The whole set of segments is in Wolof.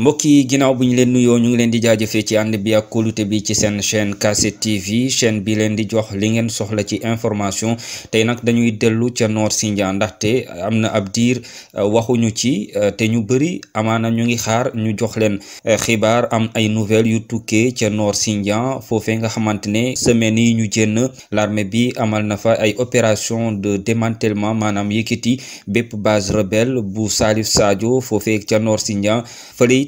mbokk yi ginnaaw bu ñu leen nuyoo ñu ngi leen di jaajëfee ci ànd bi ak kóolute bi ci seen chaîne KC TV chaîne bi leen di jox li ngeen soxla ci information tey nag dañuy dellu ca Nord Sindian ndaxte am na ab diir euh, waxuñu ci euh, te ñu bëri amaana ñu ngi xaar ñu jox leen euh, xibaar am ay nouvelles yu tukkee ca Nord Sindian foofee nga xamante ne semaines yi ñu jénn l'armée bi amal na fa ay opération de démantèlement maanaam yëkkati bépp base rebelle bu Salif Sadio foofee ca Nord Sindian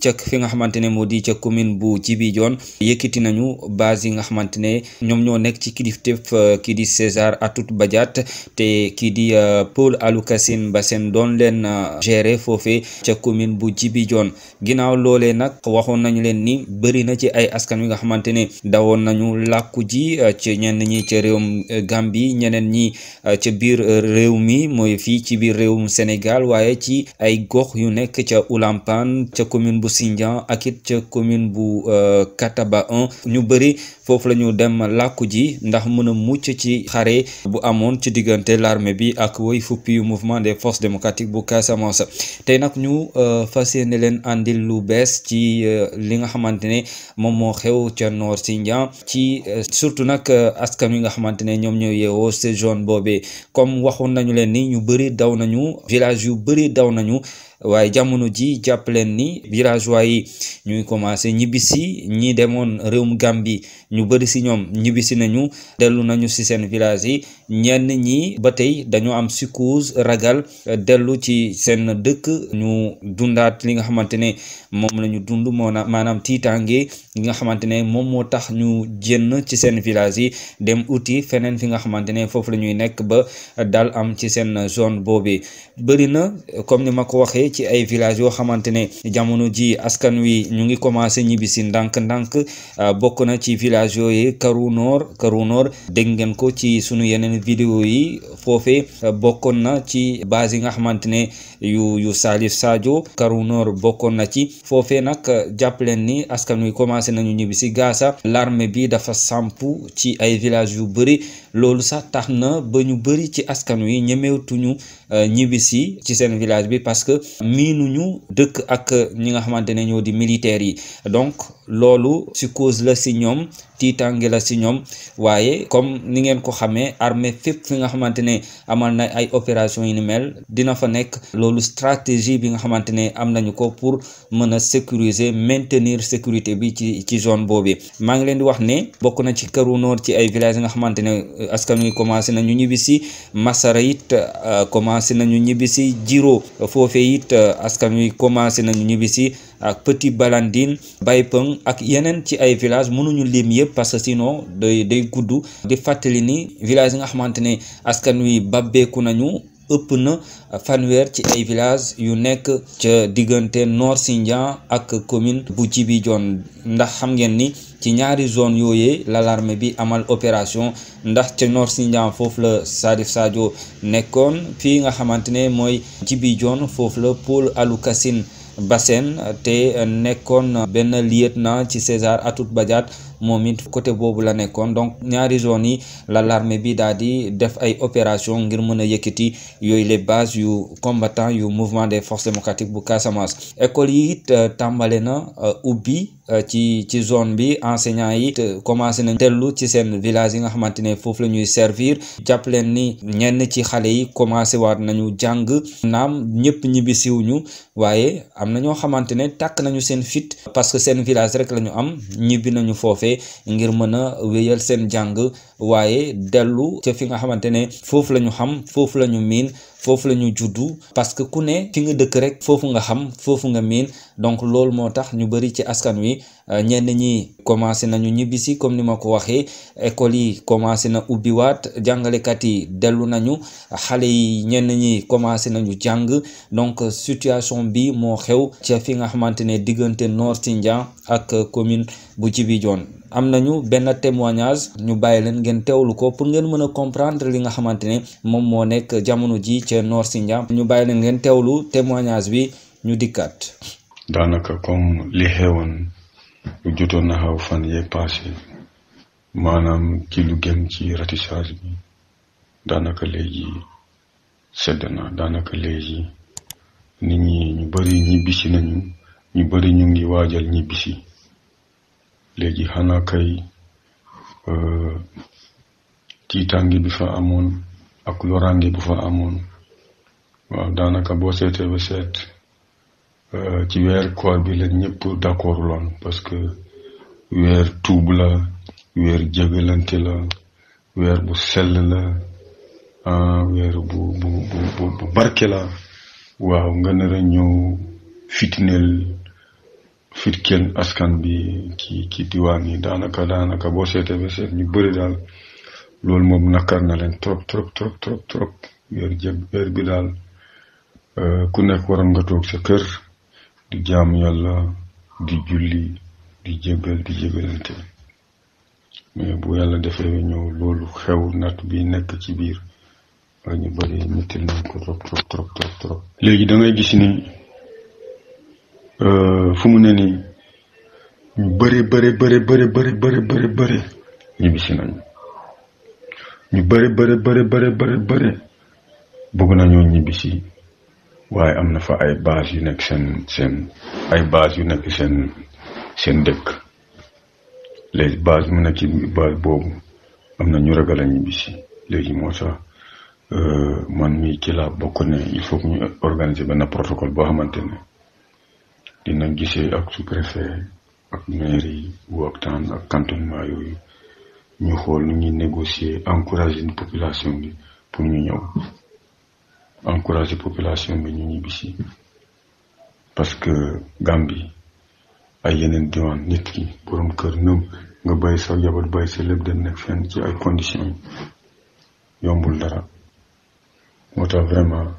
ca fi nga xamante ne moo di ca commune bu Djibidione yëkkati nañu base yi nga xamante ne ñoom ñoo nekk ci kilifteef euh, kii di César Atoute Badiate te kii di euh, Paul Alou Kassine Bassène doon leen euh, gere foofee ca commune bu Djibidione ginnaaw loolee nag waxoon nañu leen ni bëri na ci ay askan wi nga xamante ne dawoon nañu làkku ji ci ñenn ñi ca réewum Gambie ñeneen ñi ca biir réew mi mooy fii ci biir réewum Sénégal waaye ci ay gox yu nekk ca Oulampane ca commune commune bu Sindian ak it ca commune bu euh, Kataba 1 ñu bëri foofu la ñu dem làkku ji ndax mën a mucc ci xare bu amoon ci diggante l'armée bi ak woy fuppi yu mouvement des forces démocratiques bu Casamance tey nag ñu euh, fa yéene leen àndil lu bees ci euh, li nga xamante ne moom moo xew ca Nord Sindian ci surtout nag askan wi nga xamante ne ñoom ñoo yeewoo ces zones boobee comme waxoon nañu leen ni ñu bëri daw nañu village yu bëri daw nañu waaye jamono ji jàpp leen ni villageois yi ñu ngi commencé ñibbisi ñi demoon réew réewum Gambie ñu bëri si ñoom ñibbisi nañu dellu nañu si seen village yi ñenn ñi ba tey dañoo am psychose ragal dellu ci seen dëkk ñu dundaat li nga xamante ne moom la ñu dund moo maanaam tiitaange li nga xamante ne moom moo tax ñu jénn ci seen village yi dem uti feneen fi nga xamante ne foofu la ñuy nekk ba dal am ci seen zone boobi bëri na comme ni ma ko waxee bëre ci ay village yoo xamante ne jamono ji askan wi ñu ngi commencé ñibbisi ndànk-ndànk euh, bokk na ci village yooyu karu noor Karou Nord dégg ngeen ko ci sunu yeneen vidéo yi foofee euh, bokkoon na ci base yi nga xamante ne yu yu Salif Sadio Karou Nord bokkoon na ci foofee nag euh, jàpp leen ni askan wi commencé nañu ñibbisi Gaza l'armée bi dafa samp ci ay village yu bëri loolu sax tax na ba ñu bëri ci askan wi ñemewtuñu euh, ñibbisi ci seen village bi parce que miinuñu dëkk ak ñi nga xamante ne ñoo di militaires yi donc loolu si cause la si ñoom tiitange la si ñoom waaye comme ni ngeen ko xamee armée fépp fi nga xamante ne amal na ay opération yu dina fa nekk loolu stratégie bi nga xamante ne am nañu ko pour mën a sécuriser maintenir sécurité bi ci ci zone boobu maa ngi leen di wax ne bokk na ci këru noor ci ay villages nga xamante ne euh, askan wi commencé nañu ñibbisi Masara it euh, commencé nañu ñibbisi Jiro foofee it euh, askan wi commencé nañu ñibbisi ak Petit Balandine Baypeng ak yeneen ci ay village mënuñu lim yëpp parce que sinon day day gudd di fàttali ni village nga xamante ne askan wi babbeeku nañu ëpp na fanweer ci ay village yu nekk ca diggante Nord Sindian ak commune bu Djibidione ndax xam ngeen ni ci ñaari zone yooyee la l'armée bi amal opération ndax ca Nord Sindian foofu la Salif Sadio nekkoon fii nga xamante ne mooy Djibidione foofu la Paul Alou Kassine Bassène te nekkoon benn lieutenant ci César Atoute Badiate moment côté bobu la nekkoon donc ñaari zone yi la l'armée bi daal def ay opération ngir mëna a yoy les bases yu combattant yu mouvement des forces démocratiques bu Casamance école yi it euh, tàmbale na euh, ubbi euh, ci ci zone bi enseignant yi commencé nañ tellu ci Sen village yi nga fofu servir jàpp leen ni ñenn ci xalé yi commencé waat nañu jang naam ñepp ñibbi siw ñu waaye am na nañu sen fit parce que sen village rek lañu am ñibbi nañu ngir mën a wéyal seen jàng waaye dellu ca fi nga xamante ne foofu la ñu xam foofu la ñu miin foofu la ñu juddu parce que ku ne fi nga dëkk rek foofu nga xam foofu nga miin donc loolu moo tax ñu bëri ci askan wi euh, ñenn ñi commencé nañu ñibbisi comme ni ma ko waxee école yi commencé na ubbiwaat jàngalekat yi dellu nañu xale yi ñenn ñi commencé nañu jàng donc situation bi moo xew ca fi nga xamante ne diggante Nord Sindian ak commune bu Djibidione am nañu benn témoignage ñu bàyyi leen ngeen teewlu ko pour ngeen mën a comprendre li nga xamante ne moom moo nekk jamono ji ca Nord Sindian ñu bàyyi leen ngeen teewlu témoignage bi ñu dikkaat. daanaka comme li xewoon lu jotoon na fan yee passé maanaam ci lu gëm ci ratissage bi daanaka léegi sedd na daanaka léegi nit ñi ñu bëri ñibbisi nañu ñu bëri ñu ngi waajal ñibbisi. léegi eh, xanaa kay tiitaange bi fa amoon ak lorange bu fa amoon waaw eh, daanaka boo seetee ba seet eh, ci weer koor bi la ñëpp d'accord loon parce que weer tuub la weer jégalante la weer bu sell la ah, weer bu bu bu bu barke la waaw nga nar a ñëw fitineel firkeel askan bi ci diwaan yi daanaka daanaka boo seetee ba seet ñu bëri daal loolu moom nakar na leen trop trop trop trop trop heure jëg heure bi daal euh, ku nekk waroon nga toog sa kër di jaamu yàlla di julli di jégal di jégalante mais bu yàlla defee ñëw loolu xew natt bi nekk ci biir ñu bëri mettil nañ ko trop trop trop léegi da gis ni fu mu ne nii ñu bëri bëri bëri bëri bëri bëri bëri bëri ñibbisi nañ ñu bëri bëri bëri bëri bëri bëri bëgg nañoo ñibbisi waaye am na fa ay base yu nekk seen seen ay base yu nekk seen seen dëkk léegi base mu nekk ci base boobu am na ñu ragal a ñibbisi léegi moo tax man mii ci laa bokk ne il faut que ñu organiser benn protocole boo xamante ne dina gisee ak su préfet ak maire yi waxtaan ak cantonnement yooyu ñu xool nu ñuy négocier encourager une population bi pour ñu ñëw encourager population bi ñu bisi parce que Gambie ay yeneen diwaan nit ki borom kër nëm nga bay sa jabar bay sa lépp dem nekk fenn ci ay conditions yombul dara moo tax vraiment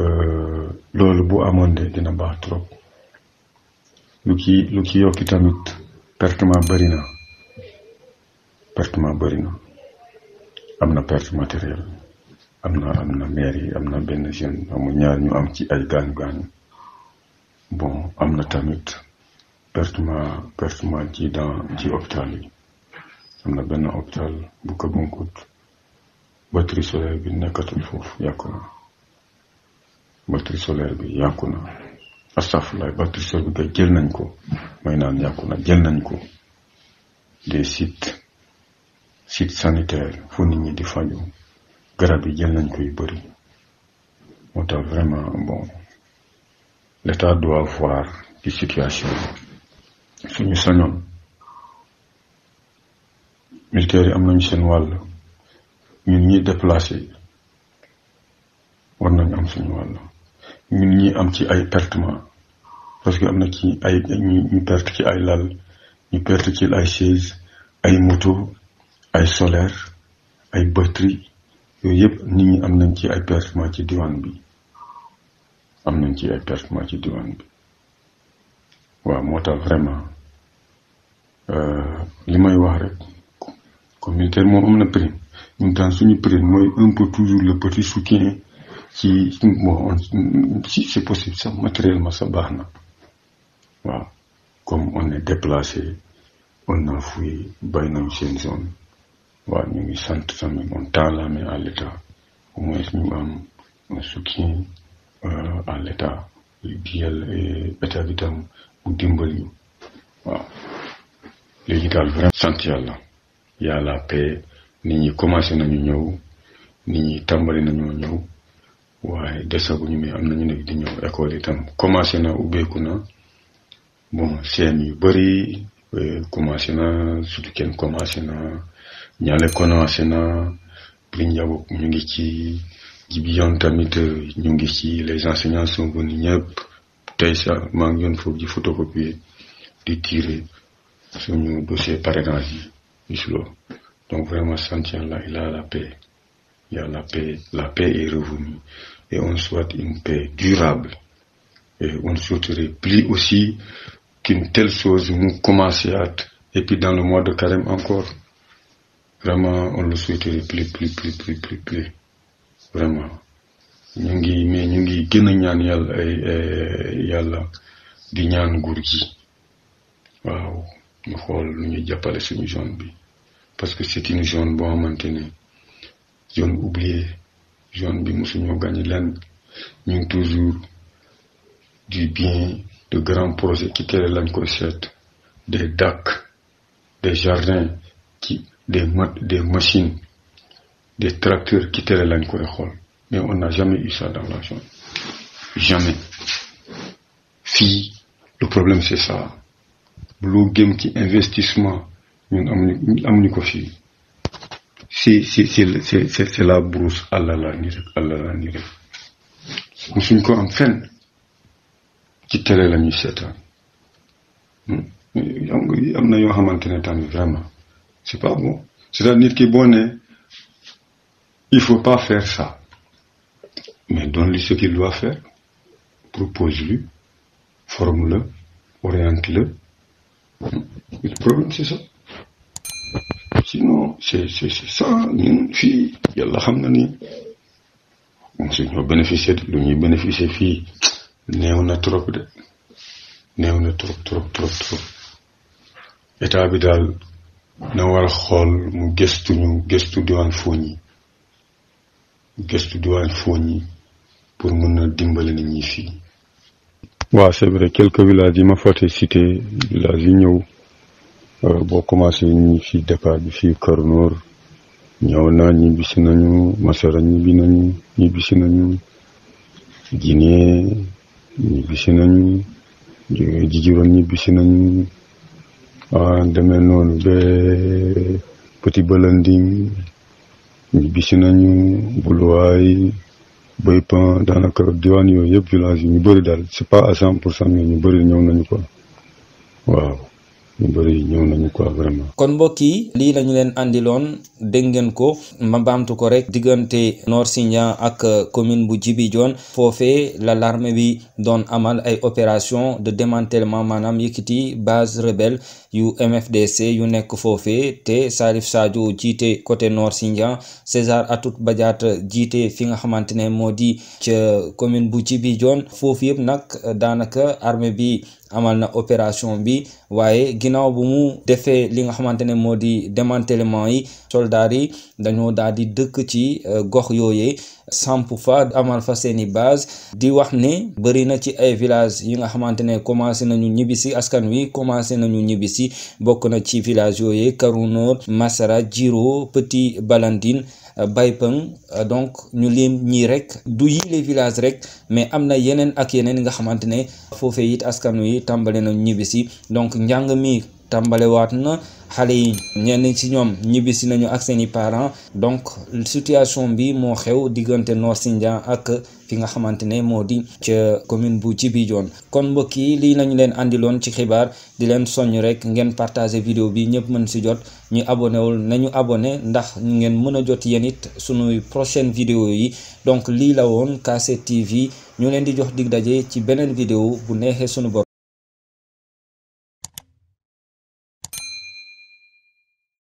euh, loolu bu amoon de dina baax trop. lu ci lu ci yokki tamit pertement bëri na pertement bëri na am na perte matériel am na am na maire yi am na benn jeune amul ñaar ñu am ci ay gaañu gaañu bon am na tamit pertement pertement ci dans ci hôpital yi am na benn hôpital bu Këbunkut batterie solaire bi nekkatul foofu yàqu na batterie solaire bi yàqu na astafurlah bactérieur bi kay jël nañ ko may naan yàqu na jël nañ ko des sites sites sanitaires fu nit ñi di faju garab yi jël nañ ko yu bëri moo tax vraiment bon l'état doit voir ci situation bi suñu sañoon militaires yi am nañu seen wàll ñun ñuy déplacé war nañu am suñu wàll ñun ñi am ci ay pertement parce que am na ci ay ñu perte ci ay lal ñu perte ci ay chaise ay moto ay solaire ay batterie yooyu yëpp nit ñi am nañ ci ay pertement ci diwaan bi am nañ ci ay pertement ci diwaan bi waaw moo tax vraiment euh, li may wax rek communautaire moom am na prime ñun daan suñu prime mooy un peu toujours le petit soutien ci bon si c'est possible sax matériellement sax baax na waaw comme on est déplacé on a fui bay nañ seen zone waaw ñu ngi sant tamit on tend la main à l'état au moins ñu am un soutien euh, à l'état di et état bi tam mu dimbali ñu waaw léegi daal vraiment sant yàlla la paix nit ñi commencé nañu ñëw nit ñi tàmbali nañoo ñëw waaye desaguñu mais am nañu nekk di ñëw école itam commencé na ubbeeku na bon seen yu bëri euh, commencé na surtout kenn commencé na ñaale commencé na prix njaboot ñu ngi ci jibiyoon tamit euh, ñu ngi ci les enseignants sont venus ñëpp tey sa maa ngi yoon foofu ji photocopie di tiré suñu dossier parrainage yi donc vraiment sant yàlla il a la paix il y a la paix, la paix est revenue. Et on souhaite une paix durable. Et on ne souhaiterait plus aussi qu'une telle chose nous commence à être et puis dans le mois de carême encore. Vraiment, on le souhaiterait plus, plus, plus, plus, plus, plus. Vraiment. parce que c'est une zone boo zone oublié, zone bi pas gagné lenn Nous avons toujours du bien de grands projets qui étaient là des DAC des jardins des machines des tracteurs qui étaient là mais on n'a jamais eu ça dans la zone jamais Si, le problème c'est ça blue game qui investissement nous amuñu c'est la brousse allah la ngi allah la ngi def musuñ encore en fenn ci télé la ñuy un y a un xamante ne tamit vraiment c'est pas bon c'est-à-dire que bon, Il hein, ne il faut pas faire ça mais donne-lui ce qu'il doit faire propose-lui forme-le oriente-le hmm. le problème c'est ça c'est c'est ça nous hein. fi yalla xamna ni ni se ñu bénéficier lu ñuy bénéficier fi néew trop de néew trop trop trop trop état bi na war xol mu gëstu ñu gëstu diwaan fooñ gestu gëstu diwaan pour mëna dimbalé nit ñi fi wa c'est vrai quelques villages yi ma fàtte cité la ñëw. boo commencé ñu fi départ bi fii Kër Noor ñëw naa ñibbisi nañu Masara ñibbi nañu ñibbisi nañu Guinée ñibbisi nañu Djidjiron ñibbisi nañu waaw ah, demee noonu ba Petit Balanding ñibbisi nañu Boulwaay Boy Pan daanaka diwaan yooyu yëpp village yi ñu bëri daal c'est pas à cent pour cent mais ñu bëri ñëw nañu quoi waaw ñu bëri kon mbokk yi lii lañu leen andiloon dégg ngeen ko ma ko rek diggante noor Sindian ak euh, commune bu jibi joon foofee la l'armée bi doon amal ay opération de démantèlement maanaam yëkkati base rebelle yu MFDC yu nekk foofee te Salif Sadio jiite côté Nord Sindian César Atoute Badiate jiite fi nga xamante ne moo di ca commune bu Djibidione foofu yëpp nag euh, daanaka armée bi. Amalna Operation opération bi waye ginaaw bu mu defé li nga xamantene ne démantèlement yi soldats yi dañoo daal ci euh, gox base di wax ne bari na ci ay villages yi nga xamantene ne commencé nañu ñibisi askan wi commencé nañu ñibisi bokk na ci village Masara Jiro Petit Balandine Euh, Baypeng euh, donc ñu lim ñii rek du yi les villages rek mais am na yeneen ak yeneen yi nga xamante ne foofee it askan wi tàmbale na ñibbisi donc njàng mi tàmbalewaat na xale yi ñenn ci ñoom ñibbisi nañu ak seeni parent donc situation bi moo xew diggante Nord Sindian ak fi nga xamante ne moo di ca commune bu Djibidione kon mbokk yi lii lañu leen indiloon ci xibaar di leen soññ rek ngeen partager vidéo bi ñëpp mën si jot ñu abonné wul nañu abonné ndax ñu ngeen mën a jot yéen it suñuy prochaine vidéo yi donc lii la woon KC TV ñu leen di jox dig daje ci beneen vidéo bu neexee sunu bopp